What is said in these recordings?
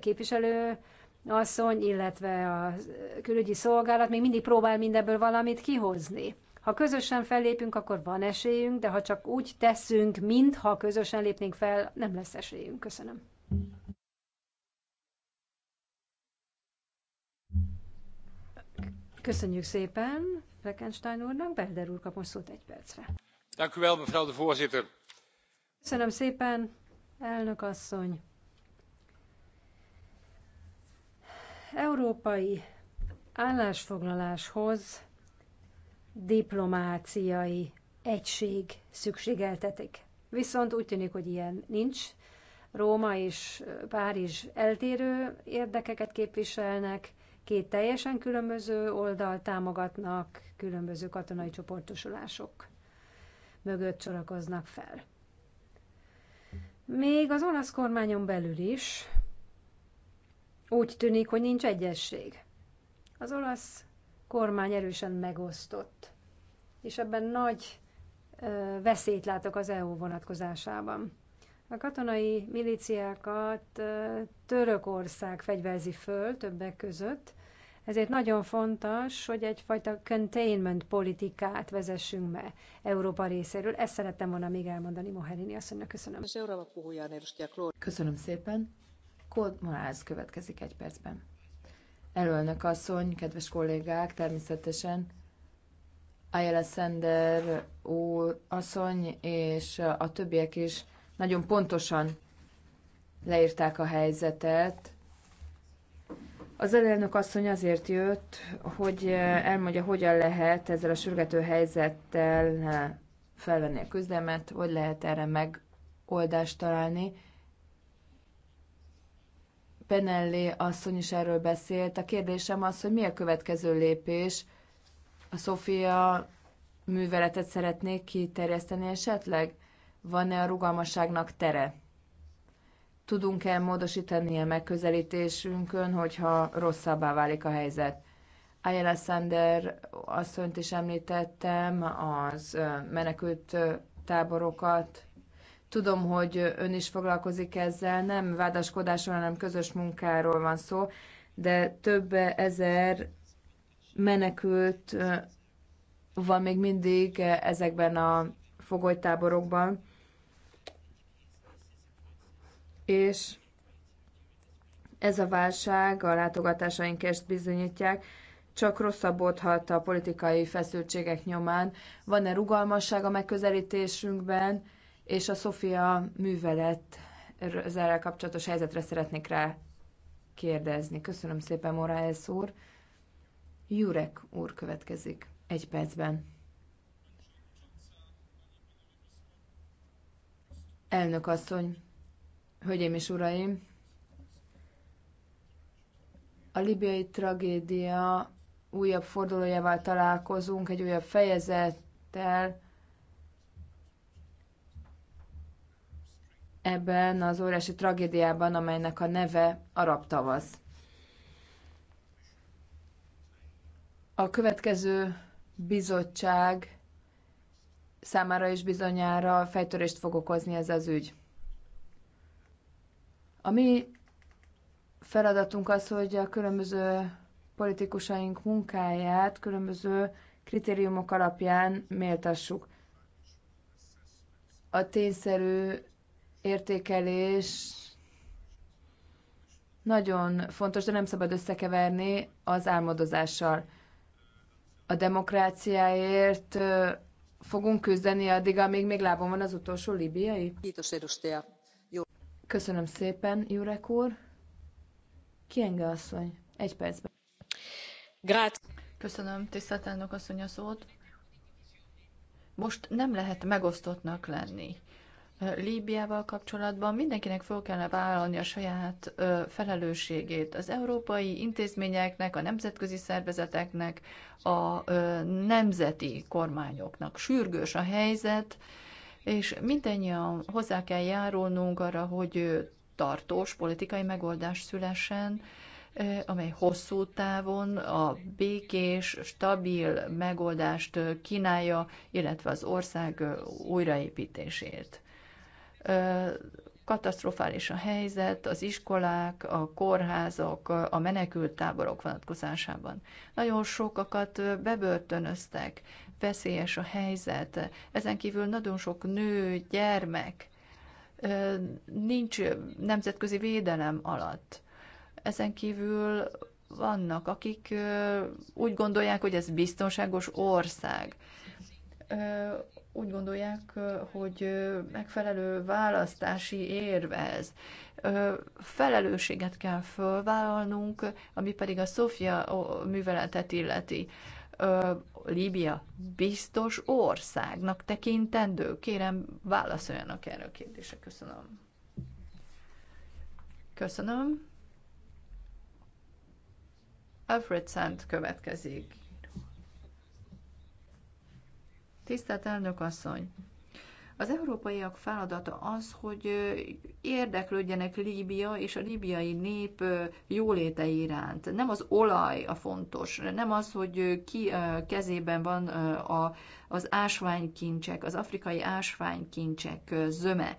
képviselő asszony, illetve a külügyi szolgálat még mindig próbál mindebből valamit kihozni. Ha közösen fellépünk, akkor van esélyünk, de ha csak úgy teszünk, mintha közösen lépnénk fel, nem lesz esélyünk. Köszönöm. Köszönjük szépen Fleckenstein úrnak. Belder úr kap most szót egy percre. mevrouw de voorzitter. Köszönöm szépen, elnök asszony. európai állásfoglaláshoz diplomáciai egység szükségeltetik. Viszont úgy tűnik, hogy ilyen nincs. Róma és Párizs eltérő érdekeket képviselnek, két teljesen különböző oldal támogatnak, különböző katonai csoportosulások mögött sorakoznak fel. Még az olasz kormányon belül is úgy tűnik, hogy nincs egyesség. Az olasz kormány erősen megosztott, és ebben nagy veszélyt látok az EU vonatkozásában. A katonai milíciákat Törökország fegyverzi föl többek között, ezért nagyon fontos, hogy egyfajta containment politikát vezessünk be Európa részéről. Ezt szerettem volna még elmondani Moherini asszonynak. Köszönöm. Köszönöm szépen. Claude Morász következik egy percben. Elölnök asszony, kedves kollégák, természetesen Ayala Sender úr asszony és a többiek is nagyon pontosan leírták a helyzetet. Az elnök asszony azért jött, hogy elmondja, hogyan lehet ezzel a sürgető helyzettel felvenni a küzdelmet, hogy lehet erre megoldást találni. Penelli asszony is erről beszélt. A kérdésem az, hogy mi a következő lépés? A Sofia műveletet szeretnék kiterjeszteni esetleg? Van-e a rugalmasságnak tere? Tudunk-e módosítani a megközelítésünkön, hogyha rosszabbá válik a helyzet? Ayala Sander asszonyt is említettem, az menekült táborokat, Tudom, hogy ön is foglalkozik ezzel, nem vádaskodásról, hanem közös munkáról van szó, de több ezer menekült van még mindig ezekben a fogolytáborokban, és ez a válság, a látogatásaink ezt bizonyítják, csak rosszabbodhat a politikai feszültségek nyomán. Van-e rugalmasság a megközelítésünkben, és a Sofia művelet ezzel kapcsolatos helyzetre szeretnék rá kérdezni. Köszönöm szépen, Moraes úr. Jurek úr következik egy percben. Elnök asszony, hölgyeim és uraim, a libiai tragédia újabb fordulójával találkozunk, egy újabb fejezettel, ebben az óriási tragédiában, amelynek a neve arab tavasz. A következő bizottság számára is bizonyára fejtörést fog okozni ez az ügy. A mi feladatunk az, hogy a különböző politikusaink munkáját különböző kritériumok alapján méltassuk. A tényszerű értékelés nagyon fontos, de nem szabad összekeverni az álmodozással. A demokráciáért fogunk küzdeni addig, amíg még lábon van az utolsó libiai. Köszönöm szépen, Jurek úr. Kienge asszony, egy percben. Grát. Köszönöm, tisztelt elnök asszony a szót. Most nem lehet megosztottnak lenni Líbiával kapcsolatban mindenkinek fel kellene vállalni a saját felelősségét. Az európai intézményeknek, a nemzetközi szervezeteknek, a nemzeti kormányoknak. Sürgős a helyzet, és mindannyian hozzá kell járulnunk arra, hogy tartós politikai megoldás szülessen, amely hosszú távon a békés, stabil megoldást kínálja, illetve az ország újraépítését katasztrofális a helyzet az iskolák, a kórházak, a menekülttáborok vonatkozásában. Nagyon sokakat bebörtönöztek, veszélyes a helyzet. Ezen kívül nagyon sok nő, gyermek nincs nemzetközi védelem alatt. Ezen kívül vannak, akik úgy gondolják, hogy ez biztonságos ország úgy gondolják, hogy megfelelő választási érvez. Felelősséget kell fölvállalnunk, ami pedig a Szofia műveletet illeti. Líbia biztos országnak tekintendő? Kérem, válaszoljanak erre a kérdésre. Köszönöm. Köszönöm. Alfred Szent következik. Tisztelt elnök asszony! Az európaiak feladata az, hogy érdeklődjenek Líbia és a líbiai nép jóléte iránt. Nem az olaj a fontos, nem az, hogy ki kezében van a, az ásványkincsek, az afrikai ásványkincsek zöme.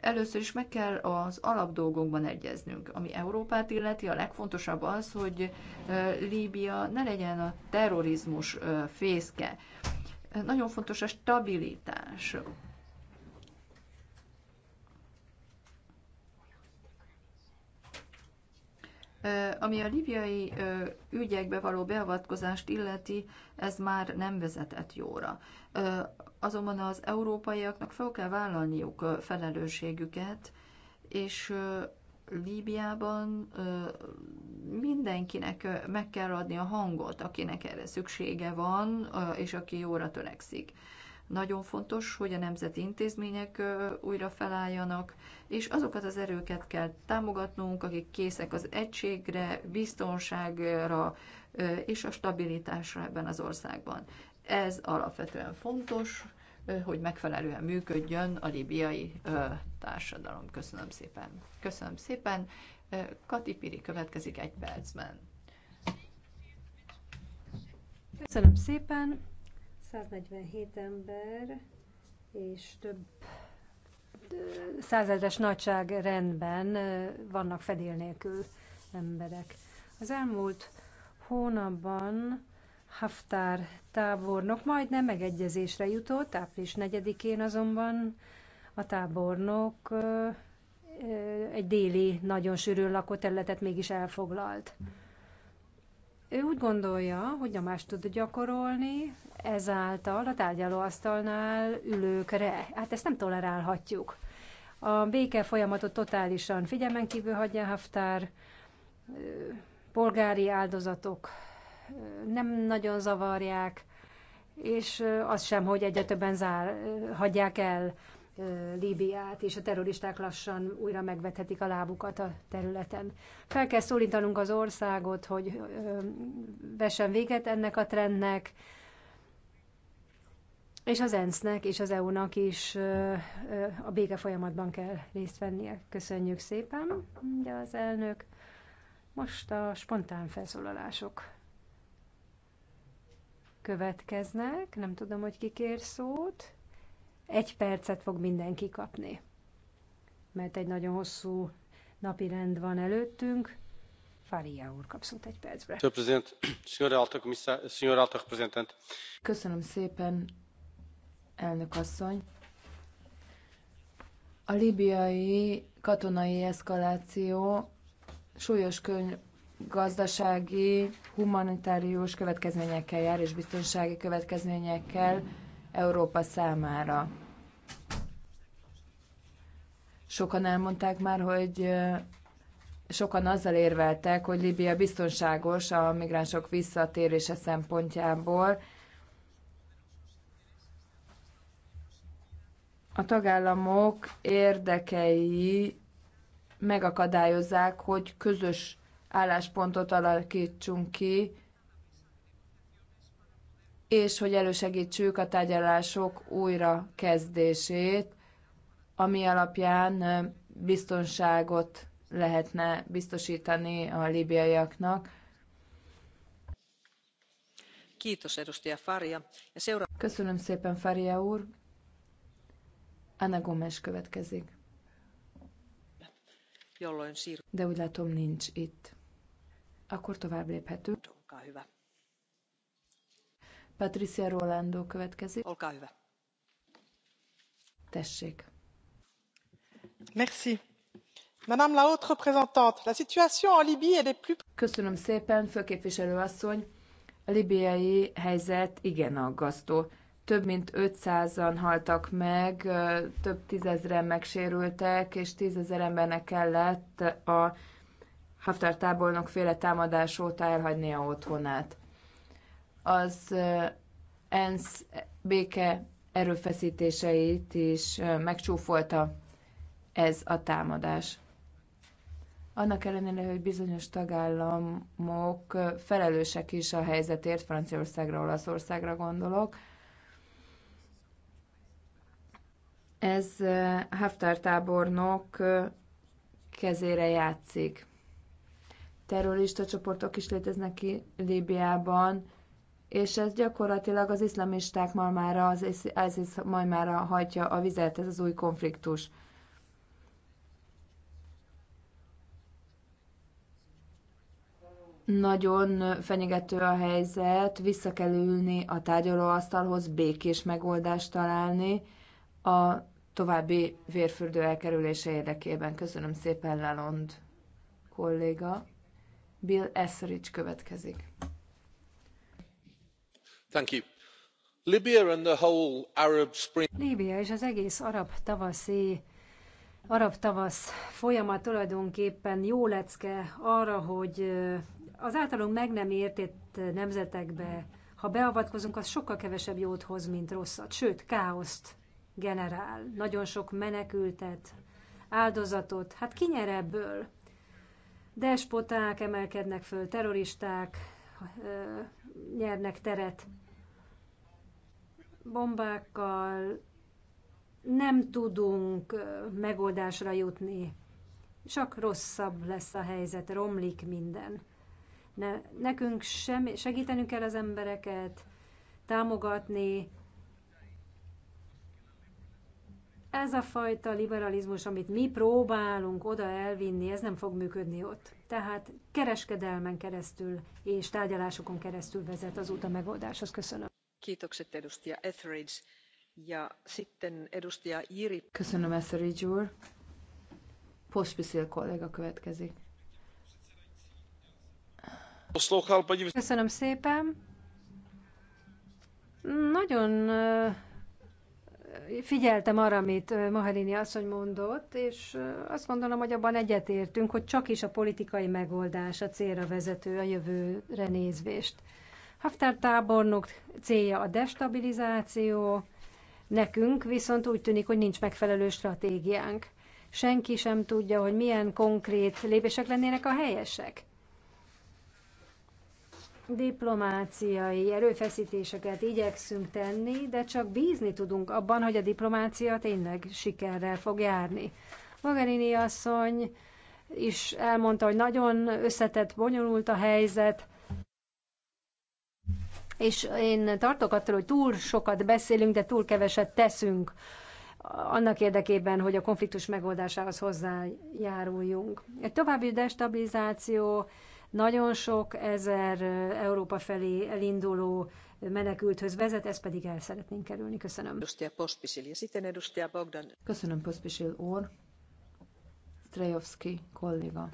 Először is meg kell az alapdolgokban egyeznünk. Ami Európát illeti, a legfontosabb az, hogy Líbia ne legyen a terrorizmus fészke nagyon fontos a stabilitás. Ami a libiai ügyekbe való beavatkozást illeti, ez már nem vezetett jóra. Azonban az európaiaknak fel kell vállalniuk felelősségüket, és Líbiában mindenkinek meg kell adni a hangot, akinek erre szüksége van, és aki jóra törekszik. Nagyon fontos, hogy a nemzeti intézmények újra felálljanak, és azokat az erőket kell támogatnunk, akik készek az egységre, biztonságra és a stabilitásra ebben az országban. Ez alapvetően fontos, hogy megfelelően működjön a libiai társadalom. Köszönöm szépen. Köszönöm szépen. Kati Piri következik egy percben. Köszönöm szépen. 147 ember és több százezres nagyságrendben vannak fedél nélkül emberek. Az elmúlt hónapban Haftar tábornok majdnem megegyezésre jutott, április 4-én azonban a tábornok egy déli, nagyon sűrűn lakott területet mégis elfoglalt. Ő úgy gondolja, hogy nyomást tud gyakorolni ezáltal a tárgyalóasztalnál ülőkre. Hát ezt nem tolerálhatjuk. A béke folyamatot totálisan figyelmen kívül hagyja Haftár, polgári áldozatok nem nagyon zavarják, és az sem, hogy egyre többen zár, hagyják el Líbiát, és a terroristák lassan újra megvethetik a lábukat a területen. Fel kell szólítanunk az országot, hogy vessen véget ennek a trendnek, és az ENSZ-nek és az EU-nak is a béke folyamatban kell részt vennie. Köszönjük szépen, de az elnök. Most a spontán felszólalások következnek. Nem tudom, hogy ki kér szót. Egy percet fog mindenki kapni, mert egy nagyon hosszú napi rend van előttünk. Faria úr kap szót egy percre. Köszönöm szépen, elnök asszony. A libiai katonai eszkaláció súlyos könyv gazdasági, humanitárius következményekkel jár, és biztonsági következményekkel Európa számára. Sokan elmondták már, hogy sokan azzal érveltek, hogy Líbia biztonságos a migránsok visszatérése szempontjából. A tagállamok érdekei megakadályozzák, hogy közös álláspontot alakítsunk ki, és hogy elősegítsük a tárgyalások kezdését, ami alapján biztonságot lehetne biztosítani a líbiaiaknak. Köszönöm szépen, Faria úr. Anna Gomes következik. De úgy látom, nincs itt. Akkor tovább léphetünk. Patricia Rolando következik. Olkaa hüve. Tessék. Merci. Madame la haute représentante, la situation en Libye est des plus... Köszönöm szépen, főképviselő asszony. A libiai helyzet igen aggasztó. Több mint 500-an haltak meg, több tízezren megsérültek, és tízezer embernek kellett a Haftar tábornok féle támadás óta elhagynia otthonát. Az ENSZ béke erőfeszítéseit is megcsúfolta ez a támadás. Annak ellenére, hogy bizonyos tagállamok felelősek is a helyzetért, Franciaországra, Olaszországra gondolok, ez Haftar tábornok kezére játszik terrorista csoportok is léteznek ki Líbiában, és ez gyakorlatilag az iszlamisták már az ISIS malmára hajtja a vizet, ez az új konfliktus. Nagyon fenyegető a helyzet, vissza kell ülni a tárgyalóasztalhoz, békés megoldást találni a további vérfürdő elkerülése érdekében. Köszönöm szépen, Lelond kolléga. Bill Etheridge következik. Thank you. Libya and the whole Arab Spring. Líbia és az egész arab tavaszi arab tavasz folyamat tulajdonképpen jó lecke arra, hogy az általunk meg nem értett nemzetekbe, ha beavatkozunk, az sokkal kevesebb jót hoz, mint rosszat, sőt, káoszt generál. Nagyon sok menekültet, áldozatot, hát ki nyer ebből? despoták emelkednek föl, terroristák nyernek teret bombákkal, nem tudunk megoldásra jutni. Csak rosszabb lesz a helyzet, romlik minden. Ne, nekünk sem, segítenünk kell az embereket, támogatni, ez a fajta liberalizmus, amit mi próbálunk oda elvinni, ez nem fog működni ott. Tehát kereskedelmen keresztül és tárgyalásokon keresztül vezet az út a megoldáshoz. Köszönöm. Kiitokset edustia Etheridge. Ja sitten edustia Jiri. Köszönöm Etheridge úr. Pospisil kolléga következik. Köszönöm szépen. Nagyon figyeltem arra, amit Mahalini asszony mondott, és azt gondolom, hogy abban egyetértünk, hogy csak is a politikai megoldás a célra vezető a jövőre nézvést. Haftár tábornok célja a destabilizáció, nekünk viszont úgy tűnik, hogy nincs megfelelő stratégiánk. Senki sem tudja, hogy milyen konkrét lépések lennének a helyesek diplomáciai erőfeszítéseket igyekszünk tenni, de csak bízni tudunk abban, hogy a diplomácia tényleg sikerrel fog járni. Magarini asszony is elmondta, hogy nagyon összetett, bonyolult a helyzet, és én tartok attól, hogy túl sokat beszélünk, de túl keveset teszünk annak érdekében, hogy a konfliktus megoldásához hozzájáruljunk. Egy további destabilizáció nagyon sok ezer Európa felé elinduló menekülthöz vezet, ezt pedig el szeretnénk kerülni. Köszönöm. Köszönöm, Pospisil úr. Strejovski kolléga.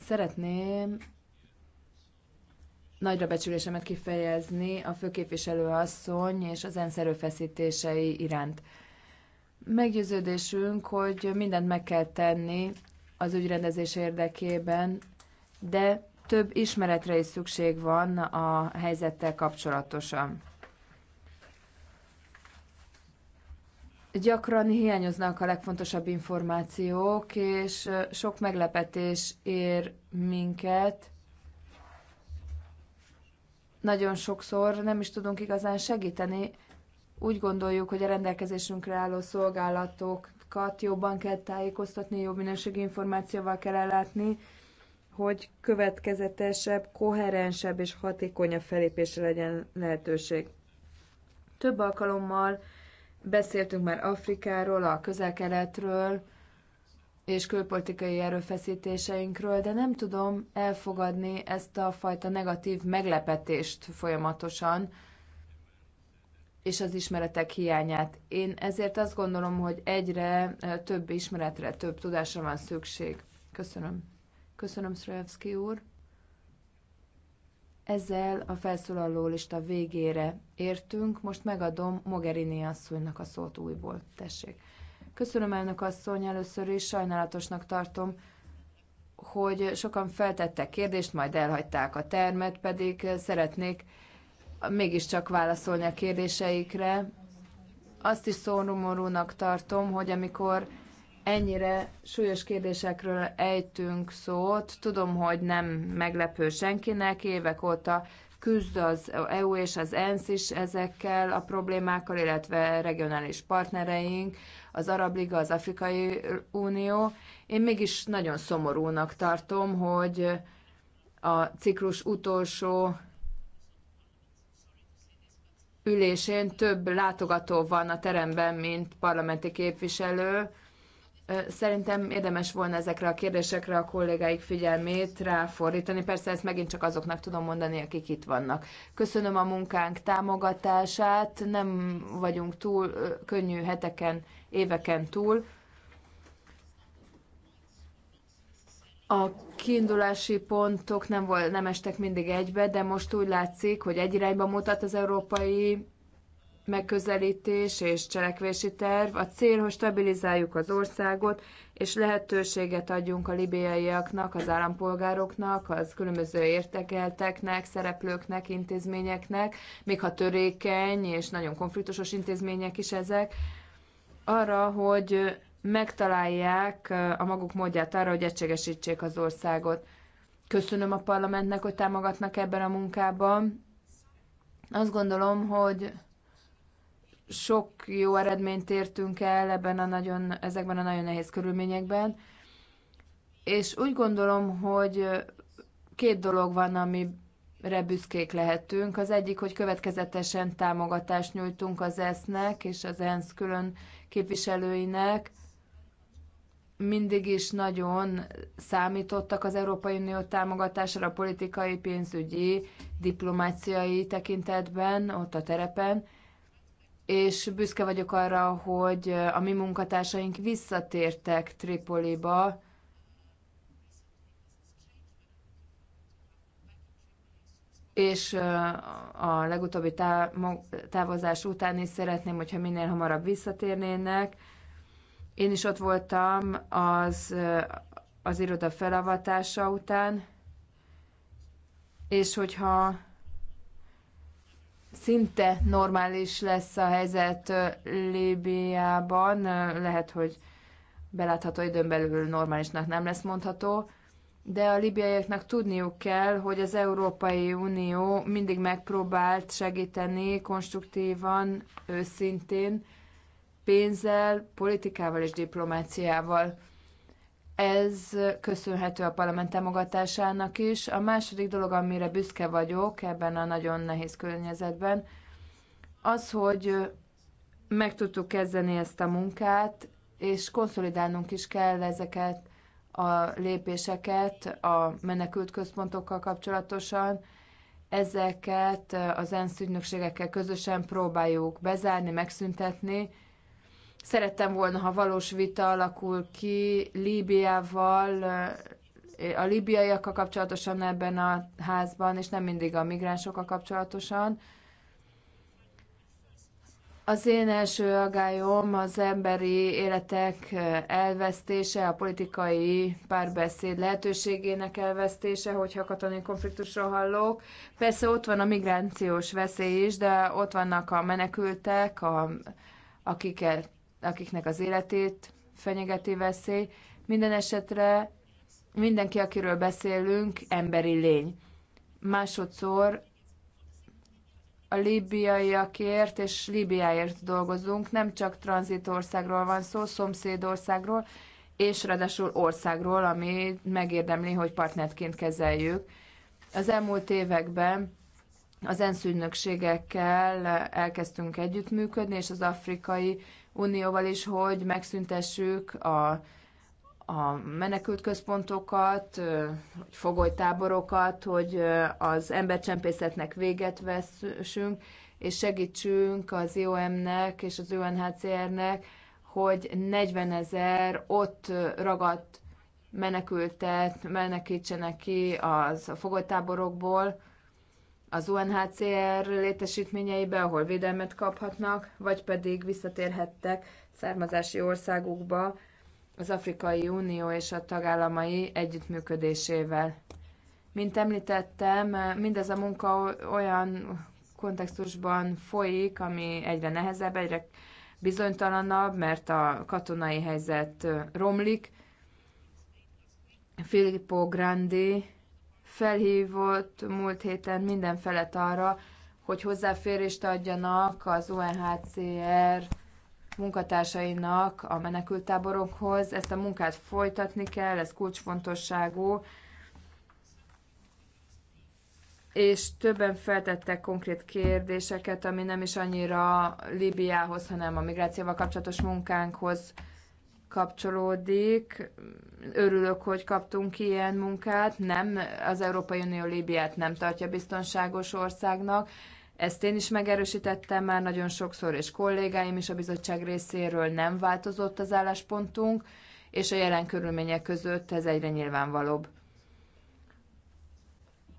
Szeretném nagyra becsülésemet kifejezni a főképviselő asszony és az ENSZ erőfeszítései iránt. Meggyőződésünk, hogy mindent meg kell tenni az ügyrendezés érdekében, de több ismeretre is szükség van a helyzettel kapcsolatosan. Gyakran hiányoznak a legfontosabb információk, és sok meglepetés ér minket. Nagyon sokszor nem is tudunk igazán segíteni. Úgy gondoljuk, hogy a rendelkezésünkre álló szolgálatok polgárokat jobban kell tájékoztatni, jobb minőségi információval kell ellátni, hogy következetesebb, koherensebb és hatékonyabb felépésre legyen lehetőség. Több alkalommal beszéltünk már Afrikáról, a közel-keletről és külpolitikai erőfeszítéseinkről, de nem tudom elfogadni ezt a fajta negatív meglepetést folyamatosan, és az ismeretek hiányát. Én ezért azt gondolom, hogy egyre több ismeretre, több tudásra van szükség. Köszönöm. Köszönöm, Szrajevszki úr. Ezzel a felszólaló lista végére értünk. Most megadom Mogherini asszonynak a szót újból. Tessék. Köszönöm, elnök asszony, először is sajnálatosnak tartom, hogy sokan feltettek kérdést, majd elhagyták a termet, pedig szeretnék mégiscsak válaszolni a kérdéseikre. Azt is szórumorúnak tartom, hogy amikor ennyire súlyos kérdésekről ejtünk szót, tudom, hogy nem meglepő senkinek, évek óta küzd az EU és az ENSZ is ezekkel a problémákkal, illetve regionális partnereink, az Arab Liga, az Afrikai Unió. Én mégis nagyon szomorúnak tartom, hogy a ciklus utolsó ülésén több látogató van a teremben, mint parlamenti képviselő. Szerintem érdemes volna ezekre a kérdésekre a kollégáik figyelmét ráfordítani. Persze ezt megint csak azoknak tudom mondani, akik itt vannak. Köszönöm a munkánk támogatását, nem vagyunk túl könnyű heteken, éveken túl. A kiindulási pontok nem, volt, nem estek mindig egybe, de most úgy látszik, hogy egy irányba mutat az európai megközelítés és cselekvési terv. A cél, hogy stabilizáljuk az országot, és lehetőséget adjunk a libiaiaknak, az állampolgároknak, az különböző értekelteknek, szereplőknek, intézményeknek, még ha törékeny és nagyon konfliktusos intézmények is ezek, arra, hogy megtalálják a maguk módját arra, hogy egységesítsék az országot. Köszönöm a parlamentnek, hogy támogatnak ebben a munkában. Azt gondolom, hogy sok jó eredményt értünk el ebben a nagyon, ezekben a nagyon nehéz körülményekben, és úgy gondolom, hogy két dolog van, amire büszkék lehetünk. Az egyik, hogy következetesen támogatást nyújtunk az ESZ-nek és az ENSZ külön képviselőinek, mindig is nagyon számítottak az Európai Unió támogatásra politikai, pénzügyi, diplomáciai tekintetben, ott a terepen, és büszke vagyok arra, hogy a mi munkatársaink visszatértek Tripoliba, és a legutóbbi távozás után is szeretném, hogyha minél hamarabb visszatérnének, én is ott voltam az, az iroda felavatása után, és hogyha szinte normális lesz a helyzet Líbiában, lehet, hogy belátható időn belül normálisnak nem lesz mondható, de a libiaiaknak tudniuk kell, hogy az Európai Unió mindig megpróbált segíteni konstruktívan, őszintén, pénzzel, politikával és diplomáciával. Ez köszönhető a parlament támogatásának is. A második dolog, amire büszke vagyok ebben a nagyon nehéz környezetben, az, hogy meg tudtuk kezdeni ezt a munkát, és konszolidálnunk is kell ezeket a lépéseket a menekült központokkal kapcsolatosan. Ezeket az ENSZ ügynökségekkel közösen próbáljuk bezárni, megszüntetni, Szerettem volna, ha valós vita alakul ki Líbiával, eh, a líbiaiakkal kapcsolatosan ebben a házban, és nem mindig a migránsokkal kapcsolatosan. Az én első agályom az emberi életek eh, elvesztése, a politikai párbeszéd lehetőségének elvesztése, hogyha katonai konfliktusról hallok. Persze ott van a migrációs veszély is, de ott vannak a menekültek, a, akiket akiknek az életét fenyegeti veszély. Minden esetre mindenki, akiről beszélünk, emberi lény. Másodszor a líbiaiakért és Líbiáért dolgozunk, nem csak tranzitországról van szó, szomszédországról, és ráadásul országról, ami megérdemli, hogy partnertként kezeljük. Az elmúlt években az ENSZ ügynökségekkel elkezdtünk együttműködni, és az afrikai Unióval is, hogy megszüntessük a, a menekült központokat, hogy fogolytáborokat, hogy az embercsempészetnek véget vessünk, és segítsünk az IOM-nek és az UNHCR-nek, hogy 40 ezer ott ragadt menekültet menekítsenek ki az a fogolytáborokból, az UNHCR létesítményeibe, ahol védelmet kaphatnak, vagy pedig visszatérhettek származási országukba az Afrikai Unió és a tagállamai együttműködésével. Mint említettem, mindez a munka olyan kontextusban folyik, ami egyre nehezebb, egyre bizonytalanabb, mert a katonai helyzet romlik. Filippo Grandi felhívott múlt héten minden felet arra, hogy hozzáférést adjanak az UNHCR munkatársainak a menekültáborokhoz. Ezt a munkát folytatni kell, ez kulcsfontosságú. És többen feltettek konkrét kérdéseket, ami nem is annyira Líbiához, hanem a migrációval kapcsolatos munkánkhoz kapcsolódik. Örülök, hogy kaptunk ilyen munkát. Nem, az Európai Unió Líbiát nem tartja biztonságos országnak. Ezt én is megerősítettem már nagyon sokszor, és kollégáim is a bizottság részéről nem változott az álláspontunk, és a jelen körülmények között ez egyre nyilvánvalóbb.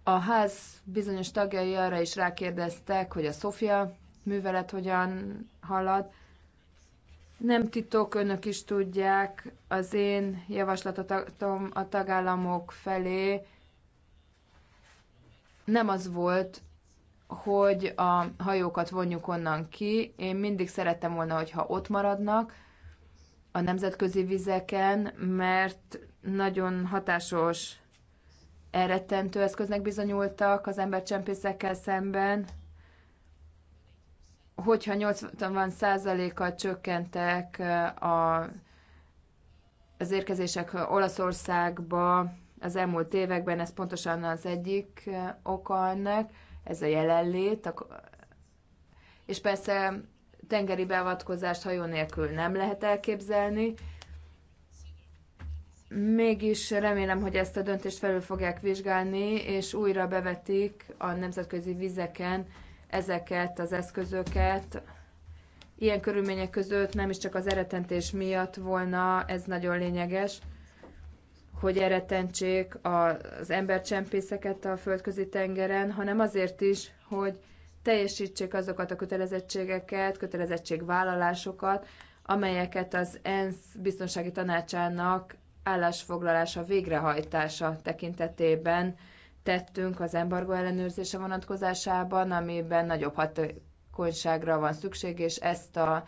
A ház bizonyos tagjai arra is rákérdeztek, hogy a Sofia művelet hogyan halad. Nem titok, önök is tudják, az én javaslatom a tagállamok felé nem az volt, hogy a hajókat vonjuk onnan ki. Én mindig szerettem volna, hogyha ott maradnak a nemzetközi vizeken, mert nagyon hatásos, elrettentő eszköznek bizonyultak az embercsempészekkel szemben hogyha 80 százalékkal csökkentek eh, a, az érkezések Olaszországba az elmúlt években, ez pontosan az egyik eh, oka ennek, ez a jelenlét, és persze tengeri beavatkozást hajó nélkül nem lehet elképzelni, Mégis remélem, hogy ezt a döntést felül fogják vizsgálni, és újra bevetik a nemzetközi vizeken ezeket az eszközöket. Ilyen körülmények között nem is csak az eretentés miatt volna, ez nagyon lényeges, hogy eretentsék az embercsempészeket a földközi tengeren, hanem azért is, hogy teljesítsék azokat a kötelezettségeket, kötelezettségvállalásokat, amelyeket az ENSZ biztonsági tanácsának állásfoglalása végrehajtása tekintetében tettünk az embargo ellenőrzése vonatkozásában, amiben nagyobb hatékonyságra van szükség, és ezt a,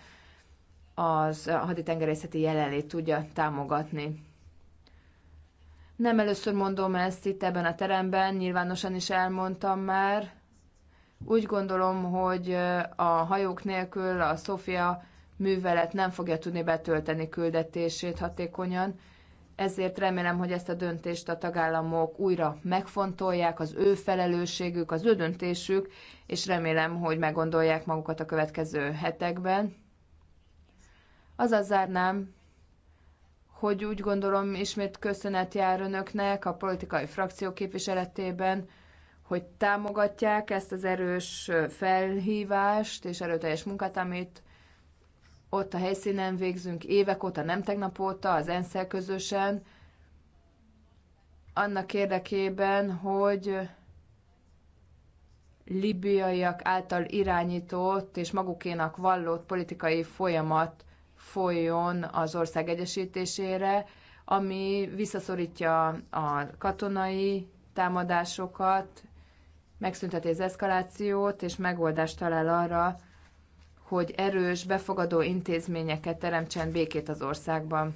az haditengerészeti jelenlét tudja támogatni. Nem először mondom ezt itt ebben a teremben, nyilvánosan is elmondtam már. Úgy gondolom, hogy a hajók nélkül a Sofia művelet nem fogja tudni betölteni küldetését hatékonyan, ezért remélem, hogy ezt a döntést a tagállamok újra megfontolják, az ő felelősségük, az ő döntésük, és remélem, hogy meggondolják magukat a következő hetekben. Azzal zárnám, hogy úgy gondolom ismét köszönet jár önöknek a politikai frakció képviseletében, hogy támogatják ezt az erős felhívást és erőteljes munkát, amit ott a helyszínen végzünk évek óta, nem tegnap óta, az ensz közösen, annak érdekében, hogy libiaiak által irányított és magukénak vallott politikai folyamat folyjon az ország egyesítésére, ami visszaszorítja a katonai támadásokat, megszünteti az eszkalációt, és megoldást talál arra, hogy erős, befogadó intézményeket teremtsen békét az országban.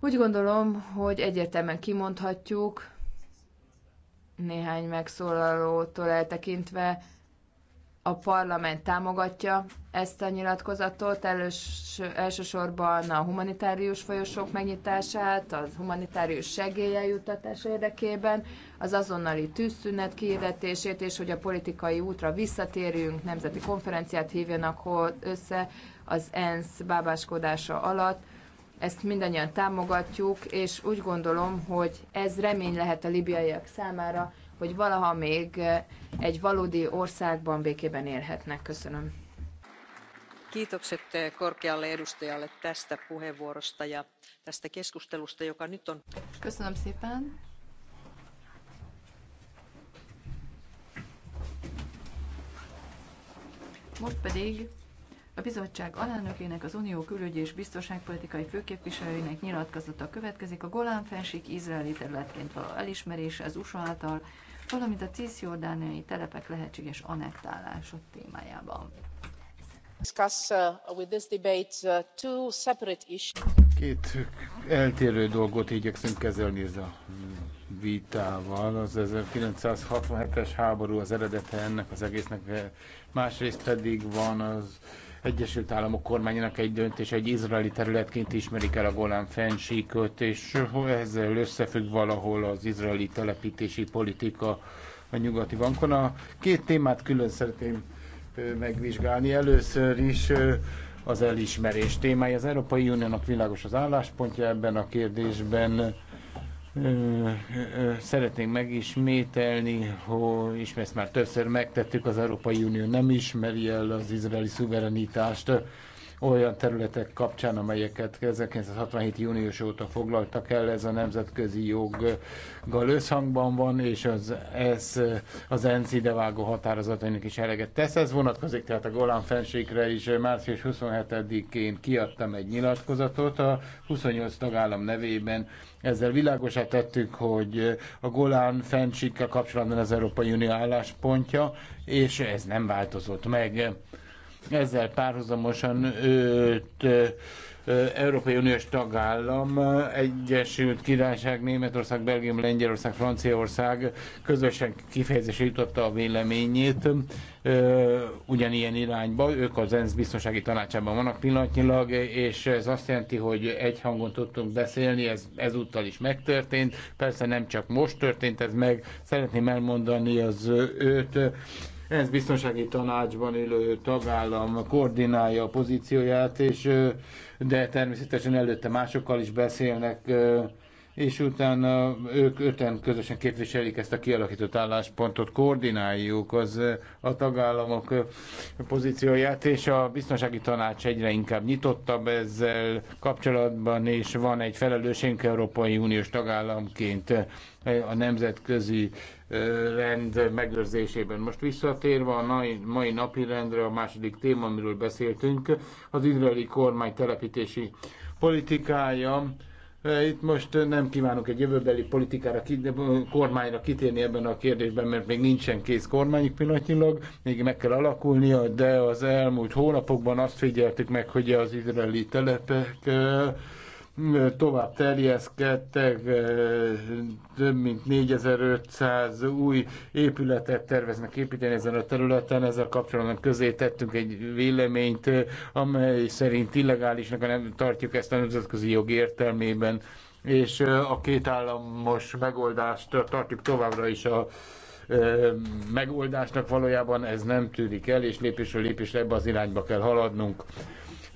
Úgy gondolom, hogy egyértelműen kimondhatjuk, néhány megszólalótól eltekintve, a parlament támogatja ezt a nyilatkozatot, Elős, elsősorban a humanitárius folyosók megnyitását, a humanitárius segélyeljuttatás érdekében, az azonnali tűzszünet kihirdetését, és hogy a politikai útra visszatérjünk, nemzeti konferenciát hívjanak össze az ENSZ bábáskodása alatt. Ezt mindannyian támogatjuk, és úgy gondolom, hogy ez remény lehet a libiaiak számára, hogy valaha még eh, egy valódi országban békében élhetnek. Köszönöm. Kiitokset eh, korkealle edustajalle tästä puheenvuorosta ja tästä keskustelusta, joka nyt on... Köszönöm szépen. Most pedig a bizottság alelnökének, az Unió külügyi és biztonságpolitikai főképviselőinek nyilatkozata következik a Golán fenség izraeli területként való elismerése az USA által valamint a cisjordániai telepek lehetséges annektálása témájában. Uh, uh, Két eltérő dolgot igyekszünk kezelni ez a vitával. Az 1967-es háború az eredete ennek az egésznek, másrészt pedig van az Egyesült Államok kormányának egy döntés, egy izraeli területként ismerik el a Golán fensíköt, és ezzel összefügg valahol az izraeli telepítési politika a nyugati bankon. A két témát külön szeretném megvizsgálni. Először is az elismerés témája. Az Európai Uniónak világos az álláspontja ebben a kérdésben szeretnénk megismételni, hogy ismét már többször megtettük, az Európai Unió nem ismeri el az izraeli szuverenitást olyan területek kapcsán, amelyeket 1967. június óta foglaltak el, ez a nemzetközi joggal összhangban van, és az, ez az ENSZ idevágó határozatainak is eleget tesz. Ez vonatkozik tehát a Golán fenségre is. Március 27-én kiadtam egy nyilatkozatot a 28 tagállam nevében, ezzel világosá tettük, hogy a Golán fencsíkkel kapcsolatban az Európai Unió álláspontja, és ez nem változott meg. Ezzel párhuzamosan őt Európai Uniós tagállam, Egyesült Királyság, Németország, Belgium, Lengyelország, Franciaország közösen kifejezésre jutotta a véleményét ugyanilyen irányba. Ők az ENSZ biztonsági tanácsában vannak pillanatnyilag, és ez azt jelenti, hogy egy hangon tudtunk beszélni, ez ezúttal is megtörtént. Persze nem csak most történt ez meg, szeretném elmondani az őt ENSZ biztonsági tanácsban ülő tagállam koordinálja a pozícióját, és, de természetesen előtte másokkal is beszélnek, és utána ők öten közösen képviselik ezt a kialakított álláspontot, koordináljuk az a tagállamok pozícióját, és a biztonsági tanács egyre inkább nyitottabb ezzel kapcsolatban, és van egy felelősségünk Európai Uniós tagállamként a nemzetközi rend megőrzésében. Most visszatérve a mai napi rendre, a második téma, amiről beszéltünk, az izraeli kormány telepítési politikája. E, itt most nem kívánok egy jövőbeli politikára, kormányra kitérni ebben a kérdésben, mert még nincsen kész kormányuk pillanatnyilag, még meg kell alakulnia, de az elmúlt hónapokban azt figyeltük meg, hogy az izraeli telepek e, tovább terjeszkedtek, több mint 4500 új épületet terveznek építeni ezen a területen. Ezzel kapcsolatban közé tettünk egy véleményt, amely szerint illegálisnak nem tartjuk ezt a nemzetközi jog értelmében, és a két államos megoldást tartjuk továbbra is a megoldásnak valójában ez nem tűnik el, és lépésről lépésre ebbe az irányba kell haladnunk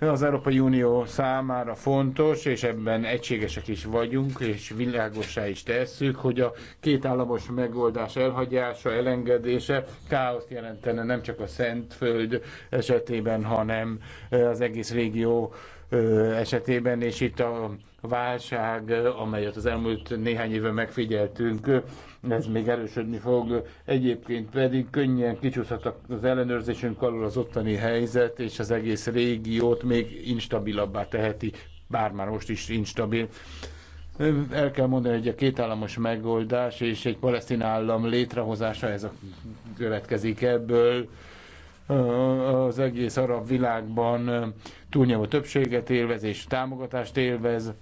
az Európai Unió számára fontos, és ebben egységesek is vagyunk, és világosá is tesszük, hogy a két államos megoldás elhagyása, elengedése káoszt jelentene nem csak a Szentföld esetében, hanem az egész régió esetében, és itt a válság, amelyet az elmúlt néhány éve megfigyeltünk, ez még erősödni fog, egyébként pedig könnyen kicsúszhat az ellenőrzésünk alól az ottani helyzet, és az egész régiót még instabilabbá teheti, bár már most is instabil. El kell mondani, hogy a kétállamos megoldás és egy palesztin állam létrehozása, ez a, következik ebből az egész arab világban túlnyomó többséget élvez és támogatást élvez,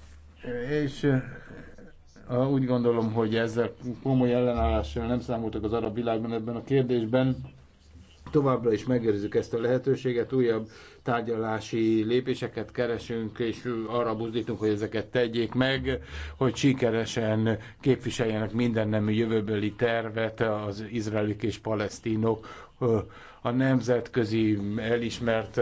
és úgy gondolom, hogy ezzel komoly ellenállással nem számoltak az arab világban ebben a kérdésben. Továbbra is megőrizzük ezt a lehetőséget, újabb tárgyalási lépéseket keresünk, és arra buzdítunk, hogy ezeket tegyék meg, hogy sikeresen képviseljenek minden nemű jövőbeli tervet az izraelik és palesztinok, a nemzetközi elismert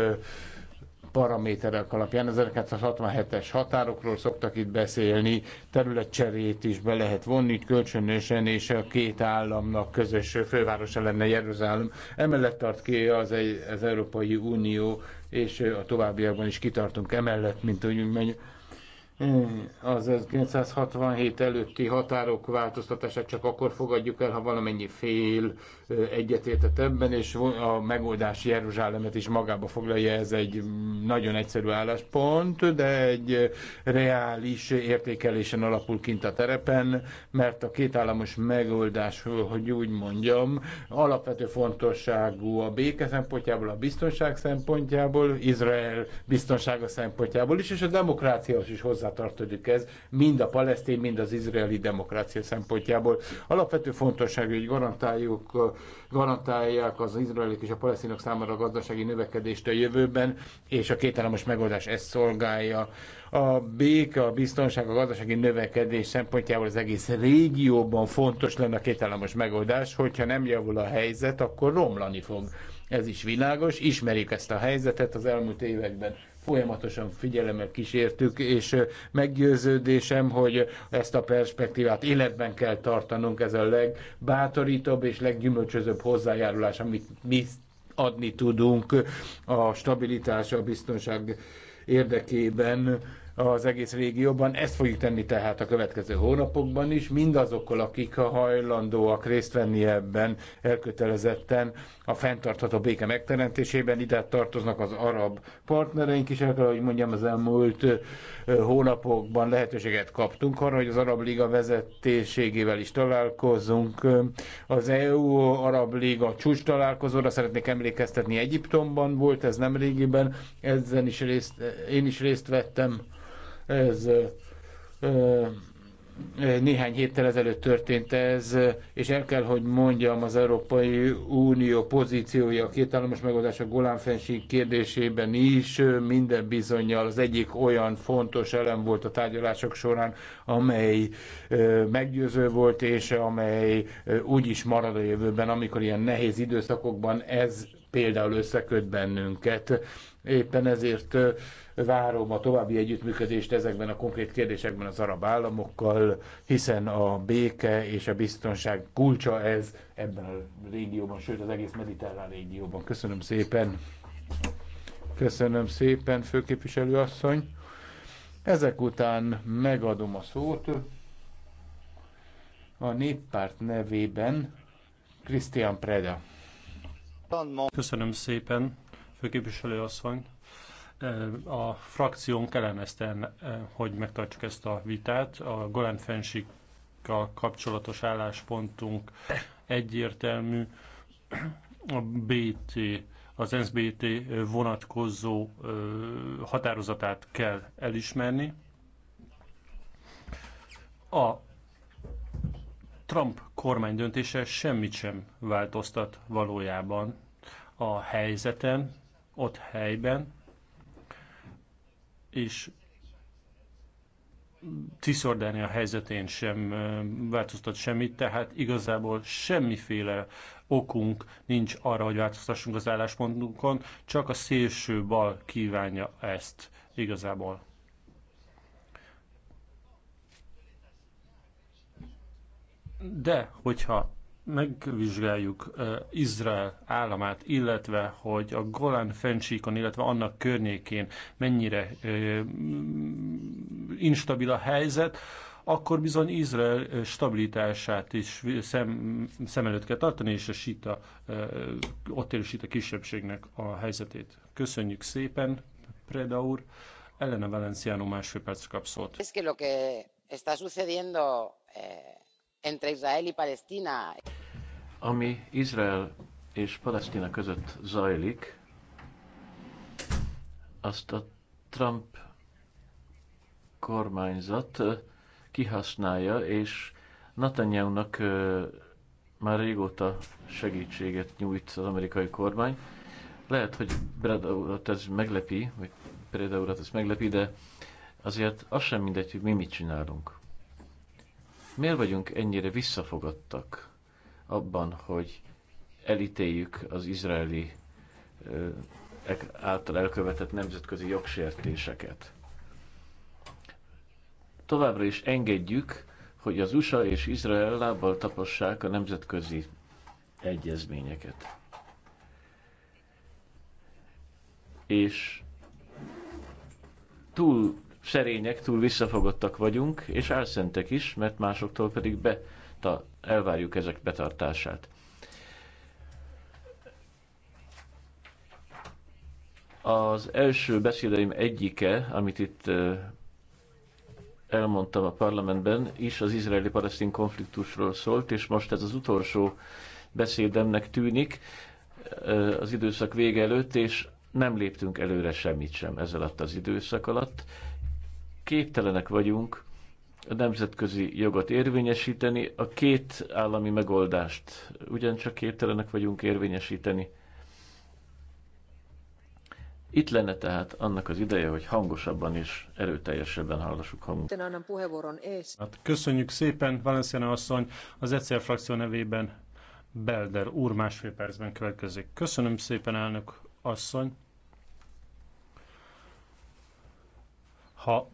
paraméterek alapján. 1967-es határokról szoktak itt beszélni, területcserét is be lehet vonni kölcsönösen, és a két államnak közös fővárosa lenne Jeruzsálem. Emellett tart ki az, az Európai Unió, és a továbbiakban is kitartunk emellett, mint úgy mondjuk az 1967 előtti határok változtatását csak akkor fogadjuk el, ha valamennyi fél egyetértett ebben, és a megoldás Jeruzsálemet is magába foglalja. Ez egy nagyon egyszerű álláspont, de egy reális értékelésen alapul kint a terepen, mert a kétállamos megoldás, hogy úgy mondjam, alapvető fontosságú a béke szempontjából, a biztonság szempontjából, Izrael biztonsága szempontjából is, és a demokrácia is hozzá alá ez, mind a palesztin, mind az izraeli demokrácia szempontjából. Alapvető fontosságú, hogy garantáljuk, garantálják az izraelik és a palesztinok számára a gazdasági növekedést a jövőben, és a kétállamos megoldás ezt szolgálja. A béke, a biztonság, a gazdasági növekedés szempontjából az egész régióban fontos lenne a kétállamos megoldás, hogyha nem javul a helyzet, akkor romlani fog. Ez is világos, ismerjük ezt a helyzetet az elmúlt években folyamatosan figyelemmel kísértük, és meggyőződésem, hogy ezt a perspektívát életben kell tartanunk, ez a legbátorítóbb és leggyümölcsözőbb hozzájárulás, amit mi adni tudunk a stabilitás, a biztonság érdekében az egész régióban. Ezt fogjuk tenni tehát a következő hónapokban is, mindazokkal, akik a hajlandóak részt venni ebben elkötelezetten a fenntartható béke megteremtésében. Ide tartoznak az arab partnereink is, el kell, hogy mondjam, az elmúlt hónapokban lehetőséget kaptunk arra, hogy az Arab Liga vezetéségével is találkozunk. Az EU-Arab Liga csúcs találkozóra szeretnék emlékeztetni Egyiptomban volt, ez nem régiben, ezen is részt, én is részt vettem ez néhány héttel ezelőtt történt ez, és el kell, hogy mondjam, az Európai Unió pozíciója a kétállamos megoldás a Golán fenség kérdésében is minden bizonyal az egyik olyan fontos elem volt a tárgyalások során, amely meggyőző volt, és amely úgy is marad a jövőben, amikor ilyen nehéz időszakokban ez például összeköt bennünket. Éppen ezért várom a további együttműködést ezekben a konkrét kérdésekben az arab államokkal, hiszen a béke és a biztonság kulcsa ez ebben a régióban, sőt az egész mediterrán régióban. Köszönöm szépen. Köszönöm szépen, főképviselő asszony. Ezek után megadom a szót a néppárt nevében Krisztián Preda. Köszönöm szépen, főképviselő asszony. A frakciónk ellenezte, hogy megtartsuk ezt a vitát. A Golán Fensikkal kapcsolatos álláspontunk egyértelmű. A BT, az NSBT vonatkozó határozatát kell elismerni. A Trump kormány döntése semmit sem változtat valójában a helyzeten, ott helyben, és Cisjordánia helyzetén sem változtat semmit, tehát igazából semmiféle okunk nincs arra, hogy változtassunk az álláspontunkon, csak a szélső bal kívánja ezt igazából. De, hogyha megvizsgáljuk eh, Izrael államát, illetve hogy a Golan fencsíkon, illetve annak környékén mennyire eh, mm, instabil a helyzet, akkor bizony Izrael eh, stabilitását is szem, szem előtt kell tartani, és a sita, ott élő sita kisebbségnek a helyzetét. Köszönjük szépen, Preda úr. Elena Valenciano másfél perc kap szót. Es que lo que está sucediendo eh, entre Israel y Palestina. Ami Izrael és Palesztina között zajlik, azt a Trump kormányzat kihasználja, és Netanyahu-nak már régóta segítséget nyújt az amerikai kormány. Lehet, hogy Breda urat ez meglepi, vagy Breda urat ez meglepi, de azért az sem mindegy, hogy mi mit csinálunk. Miért vagyunk ennyire visszafogadtak abban, hogy elítéljük az izraeli által elkövetett nemzetközi jogsértéseket? Továbbra is engedjük, hogy az USA és Izrael lábbal tapossák a nemzetközi egyezményeket. És túl szerények, túl visszafogottak vagyunk, és elszentek is, mert másoktól pedig be, ta, elvárjuk ezek betartását. Az első beszédeim egyike, amit itt elmondtam a parlamentben, is az izraeli-palesztin konfliktusról szólt, és most ez az utolsó beszédemnek tűnik az időszak vége előtt, és nem léptünk előre semmit sem ez alatt az időszak alatt képtelenek vagyunk a nemzetközi jogot érvényesíteni, a két állami megoldást ugyancsak képtelenek vagyunk érvényesíteni. Itt lenne tehát annak az ideje, hogy hangosabban és erőteljesebben hallassuk hangunkat. Hát köszönjük szépen, Valenciana asszony, az egyszer frakció nevében Belder úr másfél percben következik. Köszönöm szépen, elnök asszony. Ha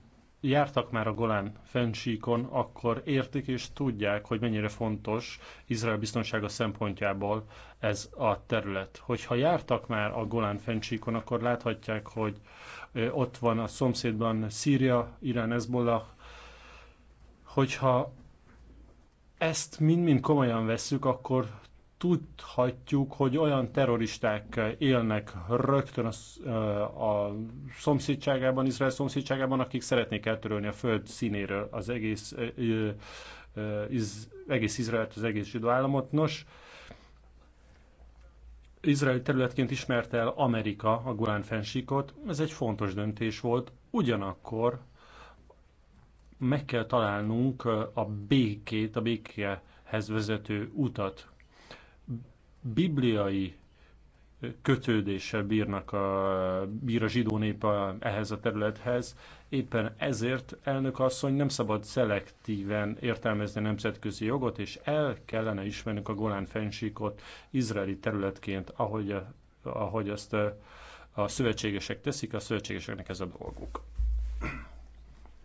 jártak már a Golán fennsíkon, akkor értik és tudják, hogy mennyire fontos Izrael biztonsága szempontjából ez a terület. Hogyha jártak már a Golán fennsíkon, akkor láthatják, hogy ott van a szomszédban Szíria, Irán, Hezbollah. Hogyha ezt mind-mind komolyan vesszük, akkor tudhatjuk, hogy olyan terroristák élnek rögtön a, a szomszédságában, Izrael szomszédságában, akik szeretnék eltörölni a föld színéről az egész, az egész Izraelt, az egész zsidó államot. Nos, izraeli területként ismert el Amerika a Golán fensíkot, ez egy fontos döntés volt, ugyanakkor meg kell találnunk a békét, a békéhez vezető utat bibliai kötődéssel bírnak a, bír a zsidó nép ehhez a területhez. Éppen ezért, elnök asszony, nem szabad szelektíven értelmezni a nemzetközi jogot, és el kellene ismernünk a Golán fensíkot izraeli területként, ahogy, ahogy azt a, a szövetségesek teszik, a szövetségeseknek ez a dolguk.